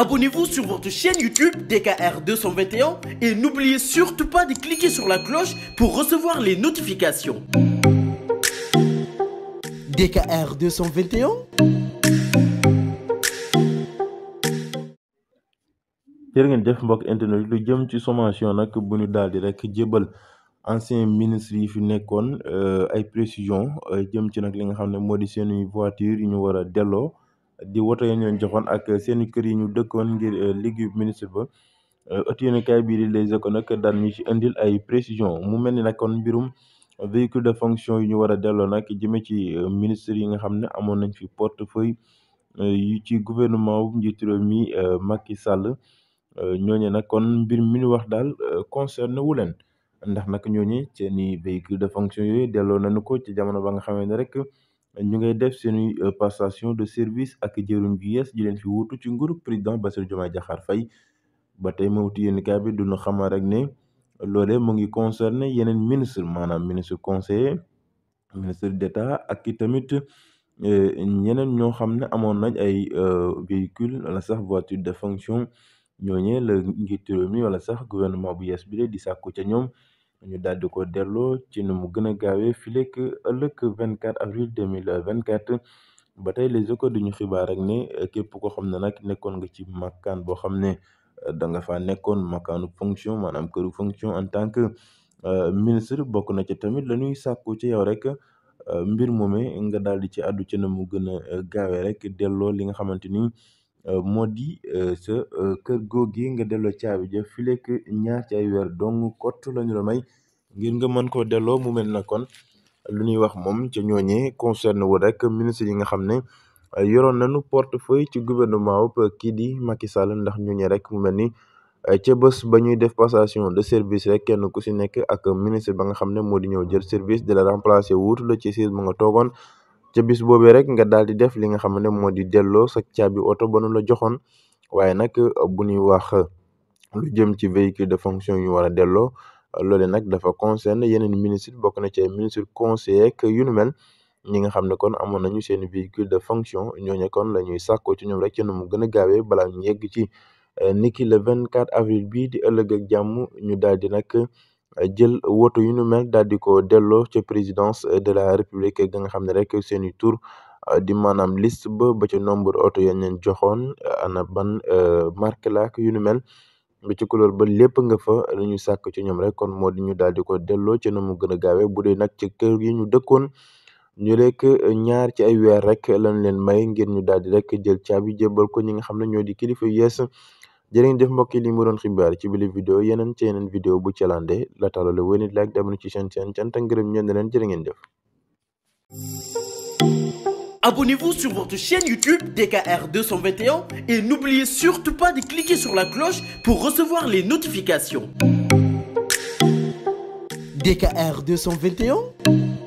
Abonnez-vous sur votre chaîne YouTube DKR 221 et n'oubliez surtout pas de cliquer sur la cloche pour recevoir les notifications. DKR 221. jërë ngeen def mbok internet lu jëm ci sommation nag bu ñu daal di rek jébal ancien ministre yi fi nekkoon euh, ay précisions euh, jëm ci nag li nga xam ne moo di seeni voiture yu ñu war a delloo. di woto yi ñu leen ak seen kër yi ñu dëkkoon ngir euh, liggéey ministre ba euh, ëtt yéenekaay bii di Les Échos nag daan ñu indil ay précision mu mel ni nag kon mbirum véhicule de fonction yi ñu war a delloo nag jëme ci euh, ministre yi nga xam ne amoon nañ fi portefeuille yu ci gouvernement wu njiitu réew mi Macky Sall ñooñu nag kon mbir mi ñu wax daal concerné wu leen ndax nag ñooñu seeni véhicule de fonction yooyu delloo nañu ko ci jamono ba nga xamee ne rek ñu ngay def seeni euh, passation de service ak jëwriñ ju yees ji leen fi wuutu ci nguuru président Bassirou Diomaye Diakhar fay ba tey moom it yéenekaay bi duñu xamal rek ne loole mu ngi concerné yeneen ministre maanaam ministre conseiller ministre d'État ak i tamit euh, ñeneen ñoo xam ne amoon nañ ay euh, véhicule wala sax voiture de fonction ñooñee la njiitu réew wala sax gouvernement bu yees bi de di sàkku ca ñoom ñu daal di ko delloo ci nu mu gën a gaawee fileek ëllëg 24 avril 2024 ba tey les échos du ñu xibaar rek ne képp ko xam ne nag nekkoon nga ci makkaan boo xam ne da nga faa nekkoon makkaanu fonction maanaam këru fonction en tant que euh, ministre bokk na ci tamit lañuy ñuy ci yow rek euh, mbir moomee nga daal di ci àddu ci na mu gën a gaawee rek delloo li nga xamante ni. Euh, moo di euh, sa euh, kër googee nga delloo caabi ja fi lekk ñaar ci ay weer dong kott lañu la may ngir nga mën koo delloo mu mel na kon lu ñuy wax moom ca ñooñee concerne wu rek ministre yi nga xam ne yoroon nañu portefeuille ci gouvernement wu kii di Macky Sall ndax ñooñee rek mu mel ni ca bës ba ñuy def passation de service rek kenn ku si nekk ak ministre ba nga xam ne moo di ñëw jël service de la remplacer wuutu la ci siis ba nga toogoon ce bis boobee rek nga daal di def li nga xam ne moo di delloo sa caabi oto ba nu la joxoon waaye nag bu ñuy wax lu jëm ci véhicule de fonction yu war a delloo loole nag dafa concerne yeneen ministre bokk na ci ministre conseiller yu nu mel ñi nga xam ne kon amoon nañu seen véhicule de fonction ñooñu kon la ñuy sàkkoo ci ñoom rek ci nu mu gën a gaawee balaa ñu yegg ci eh, niki vingt 24 avril bii di ëllëg ak jàmm ñu daal di nag. jël woto yu nu mel daal di ko delloo ca présidence de la république ga nga xam ne rek seen i tur euh, di maanaam liste ba ba ca nombre oto yañ leen joxoon euh, ana ban euh, marque la ak yu nu mel ba ci couleur ba lépp nga fa la ñu sàkk ci ñoom rek kon moo di ñu daal di ko delloo ci na mu gën a gaawee bu dee nag ci kër yi ñu dëkkoon ñu rek ñaar ci ay weer rek lañ leen may ngir ñu daal di rek jël caabi jébbal ko ñi nga xam ne ñoo di kilifa yees. jërë def jëf mbokk yi li mu doon xibaar ci bile vidéo yeneen ci yeneen vidéo bu calande la talale wéy nit like dabanu ci seen seen cant ak ngërëm ñeen leen jërë ngeen jëf Abonnez-vous sur votre chaîne YouTube DKR et n'oubliez surtout pas de cliquer sur la cloche pour recevoir les notifications. DKR